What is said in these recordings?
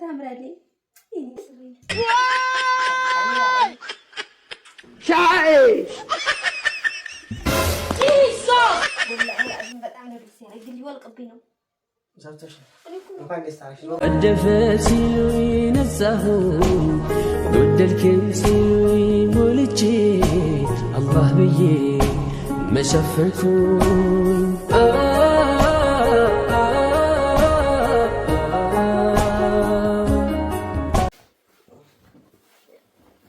تهمرالي شاعي قد فاتي لوي نزهو قد الكيسي لوي مولجي الله بيه ما شفكون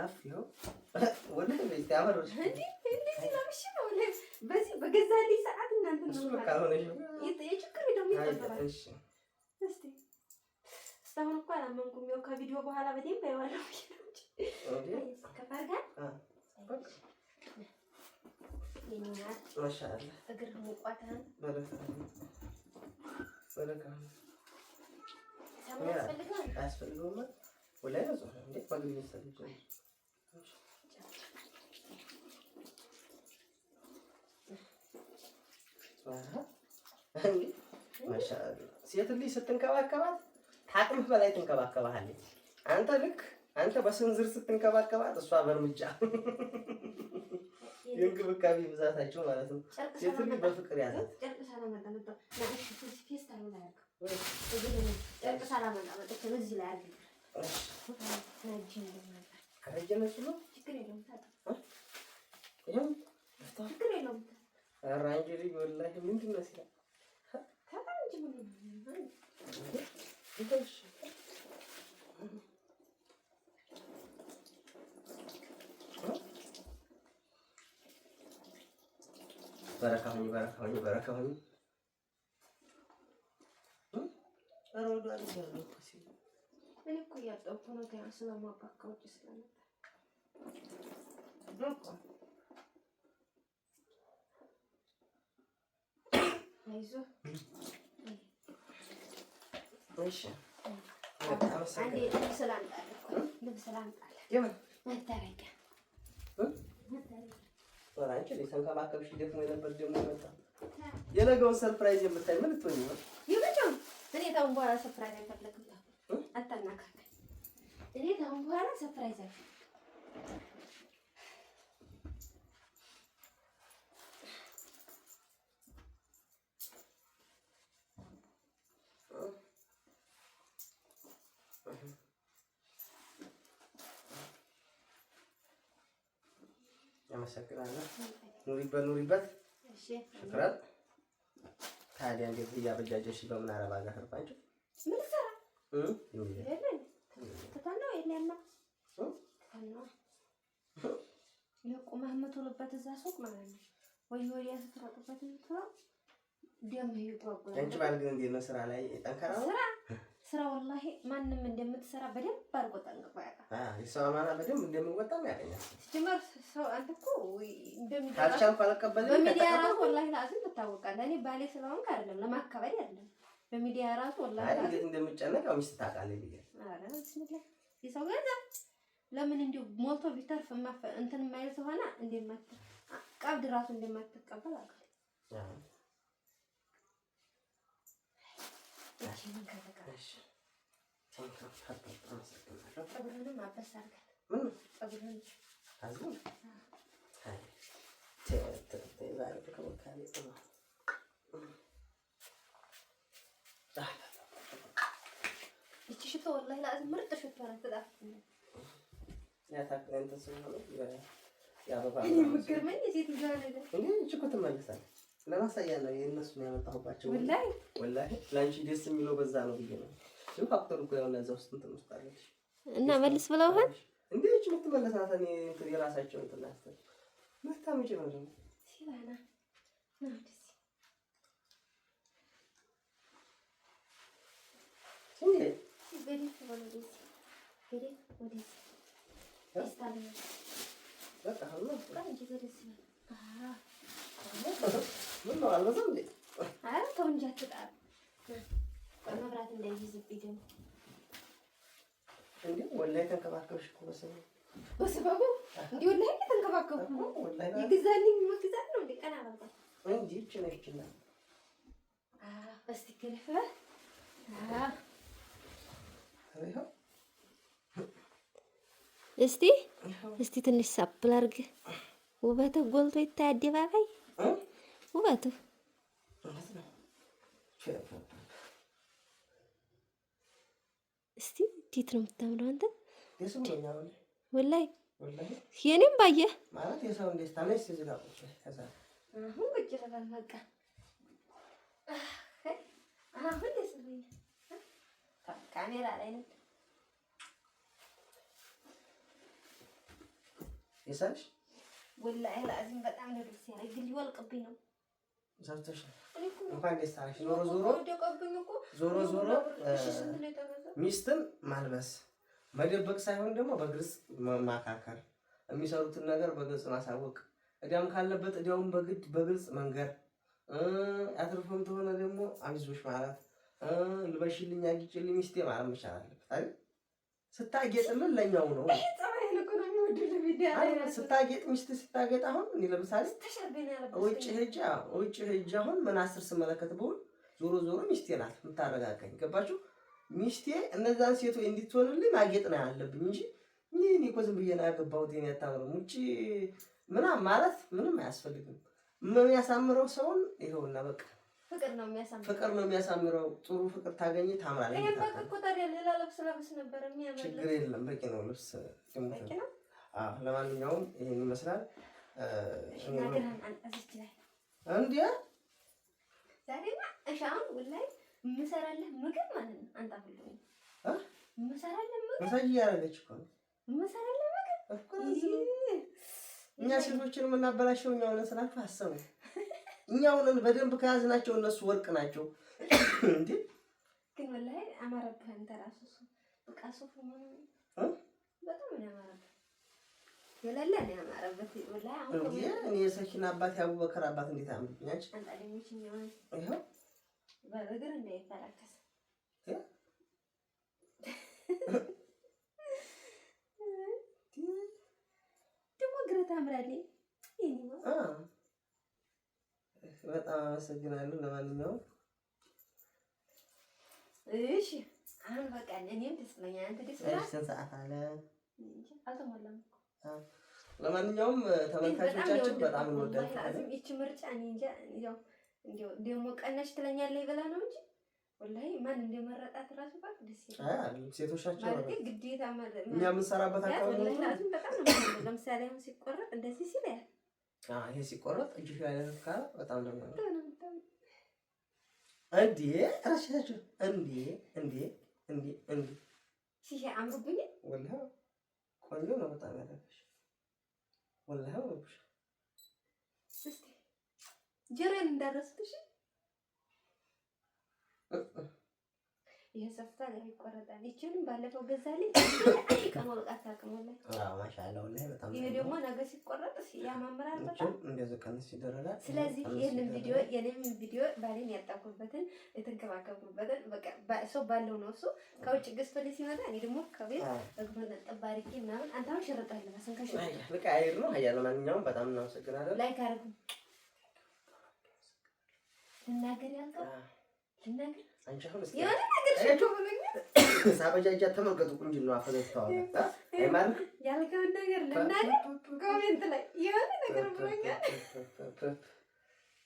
ጫፍ ይኸው በዚህ በገዛ ሰዓት እናንተ እስካሁን እኮ አላመንኩም። ያው ከቪዲዮ በኋላ በደንብ አይዋለው እግር ሙቋታን ሴት ልጅ ስትንከባከባት ታቅምህ በላይ ትንከባከባሃለች። አንተ ልክ አንተ በስንዝር ስትንከባከባት እሷ በእርምጃ የእንክብካቤ ብዛታቸው ማለት ነው። ሴት ልጅ በፍቅር ያዛት። ጨርቅ ሳላመጣ መጣች። እየነሱ ነው። ችግር የለውም ችግር በረካ ሆኜ በረካ ሆኜ በረካ ሆኜ እኔ እኮ እያጠብኩ ነው። nu Aizu? Așa. Andi, dăm să-l antale. Dăm să-l antale. Ce mă? Uite, uite. Ăla începe să-mi cam acăp și de cum e pe geamul ăsta. Da. E lângă un surprise የምታይ ምን ትሆን ይሆን? ይመጫም እኔ ታሁን በኋላ ሰርፕራይዝ አይፈልግም። አታናካል። እኔ ታሁን በኋላ ሰርፕራይዝ አይፈልግም። አመሰግናለሁ። ኑሪበት ኑሪበት። ሽክረን ታዲያ እንዴት እያበጃጀሽ በምን አረብ ሀገር ሄድኩ? ቁመህ ስራ ላይ ጠንከራ ስራ ወላሂ ማንም እንደምትሰራ በደንብ አድርጎ ጠንቅቆ ያውቃል። የእሷ አማራ በደንብ እንደምወጣም ያገኛል። ሲጀመር ሰው አንተ እኮ በሚዲያ ራሱ ወላሂ ለአዝም ትታወቃለህ። እኔ ባሌ ስለሆንክ አይደለም አይደለም በሚዲያ ራሱ ወላሂ አይ እንደምጨነቅ ያው ሚስት ታውቃለህ ብዬሽ የሰው ገንዘብ ለምን እንዲሁ ሞልቶ ቢተርፍ እንትን የማይል ሆነ እንደማት ቀብድ ራሱ እንደማትቀበል አውቃለሁ። ይቺ ሽቶ ወላሂ ላዚ ምርጥ ሽቶ ናት። ተጣፍጥኝ ያታክለን ተስማሉ ያ ባባ እኔ ምገርመኝ ሴት ይዛለ እንዴ እኮ ትመለሳለች ለማሳያ ነው የእነሱ ነው ያመጣሁባቸው። ወላሂ ወላሂ ለአንቺ ደስ የሚለው በዛ ነው ብዬ ነው። ግን ፋክተሩ እኮ ያው እዛ ውስጥ እንትን ውስጥ አለች እና መልስ ብለውሃል። እንዴ እች የምትመለሳት እኔ እንትን የራሳቸው እንትን ናት መታ ነው ደግሞ ሲባላ በቃ ምን ነው አልበዛም እንዴ? ኧረ ተው እንጂ አትጣራ። መብራት እንዳይይዝብኝ ደግሞ እንዴ። ተንከባከብሽ እኮ በሰበቡ እንዴ። ተንከባከብኩ። ይግዛልኝ ነው እንዴ? ቀና እቺ ነው እቺ ነው። እስቲ እስቲ ትንሽ ሳፕል አድርግ። ጎልቶ ይታይ አደባባይ ውበቱ እስቲ እንዴት ነው የምታምረው አንተ ወላሂ የኔም ባየህ ማለት የሰው እንዴት ታለስ ካሜራ ላይ ነው የሳልሽ ወላሂ ላዚም በጣም ነው ደስ ያለኝ ግን ሊወልቅብኝ ነው ሰርተሽ እንኳን ደስ አለሽ። ዞሮ ዞሮ ዞሮ ዞሮ ሚስትም ማልበስ መደበቅ ሳይሆን ደግሞ በግልጽ ማካከል፣ የሚሰሩትን ነገር በግልጽ ማሳወቅ፣ እዳም ካለበት እዳውን በግድ በግልጽ መንገር፣ ያትርፈም ተሆነ ደግሞ አይዞሽ ማለት ልበሽልኝ፣ አጊጭልኝ ሚስቴ ማለት መቻል አለበት አይደል? ስታጌጥምን ለእኛው ነው ስታጌጥ ሚስት ስታጌጥ አሁን እኔ ለምሳሌ ውጭ ሄጃ ውጭ ሄጃ አሁን ምን አስር ስመለከት በሁን ዞሮ ዞሮ ሚስቴ ናት የምታረጋጋኝ። ገባችሁ? ሚስቴ እነዛን ሴቶ እንዲትሆንልኝ ማጌጥ ነው ያለብኝ እንጂ እኔ እኮ ዝም ብዬ ነው ያገባሁት ኔ ያታምርም ውጭ ምናምን ማለት ምንም አያስፈልግም። የሚያሳምረው ሰውን ይኸውና በቃ ፍቅር ነው የሚያሳምረው። ጥሩ ፍቅር ታገኝ ታምራለህ። ችግር የለም በቂ ነው ልብስ ለማንኛውም ይህን ይመስላል። እንዲያ ምግብ ማለት ነው። እኛ ሴቶችን የምናበላሸው እኛው ነን ስላችሁ አሰቡ። እኛው ነን በደንብ ከያዝናቸው እነሱ ወርቅ ናቸው። እንዴ ግን ወላይ አማረብህ አንተ ራስህ በቃ ሱፍ ነው በጣም ያማረብህ እኔ የሰኪና አባት የአቡበከር አባት እንዴት አምልኛች በጣም አመሰግናለሁ። ለማንኛውም እሺ፣ አሁን በቃ እኔም ደስ ብሎኛል። አንተ ደስ ብሎሃል? ስንት ሰዓት አለ? አልተሞላም እኮ ለማንኛውም ተመልካቾቻችን በጣም እንወዳለን። ይቺ ምርጫ እኔ እንጃ ያው እንዲያው ደግሞ ቀነሽ ትለኛለህ ብላ ነው እንጂ ወላሂ ማን እንደመረጣት እራሱ ባክ ደስ ይላል። ሴቶቻችን ማለት ግዴታ ማለት እኛ የምንሰራበት አካባቢ በጣም ነው። ለምሳሌ አሁን ሲቆረጥ እንደዚህ ሲል ያ ይሄ ሲቆረጥ እጅ ያለ ካ በጣም ነው እንዴ ራሽታችሁ እንዴ እንዴ እንዴ እንዴ ሲሄ አምሩብኝ ወላሂ ቆንጆ ነው በጣም ያረገሽ። ወላሂ አበብሽ ጀሬን እንዳረስልሽ ይሄ ሰፍቷል፣ ይሄ ይቆረጣል። ይችንም ባለፈው ገዛ ላይ ከመውጣት አቅሞላ ማሻላ ላይ በጣም ይሄ ደግሞ ነገ ሲቆረጥ ያማምራል። በጣም እንደዚህ ቀንስ ይደረጋል። ስለዚህ ይህንን ቪዲዮ የኔም ቪዲዮ ባሌን ያጣኩበትን የተንከባከብኩበትን በቃ ሰው ባለው ነው እሱ ከውጭ ገዝቶ ላይ ሲመጣ እኔ ደግሞ ከቤት እግሩን ጠባሪኪ ምናምን አንታሁን ሸረጣ ለማስንከሽ በቃ አይር ነው ሀያ ማንኛውም በጣም እናመሰግናለን። ላይክ አርጉ ልናገር ያልከው ልናገር አንቺ አሁን ስ ሳበጃጃ ተመልከቱ። ቁንጅና ፈገግታዋ ያልከውን ነገር ልናገር ኮሜንት ላይ የሆነ ነገር ብሎኛል።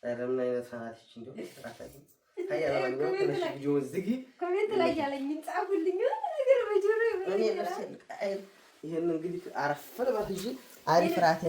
ምን አይነት ናትች ኮሜንት ላይ ያለኝ ጻፉልኝ ነገር በጆሮ ይሄን እንግዲህ አረፍ ልበል አሪፍ ራት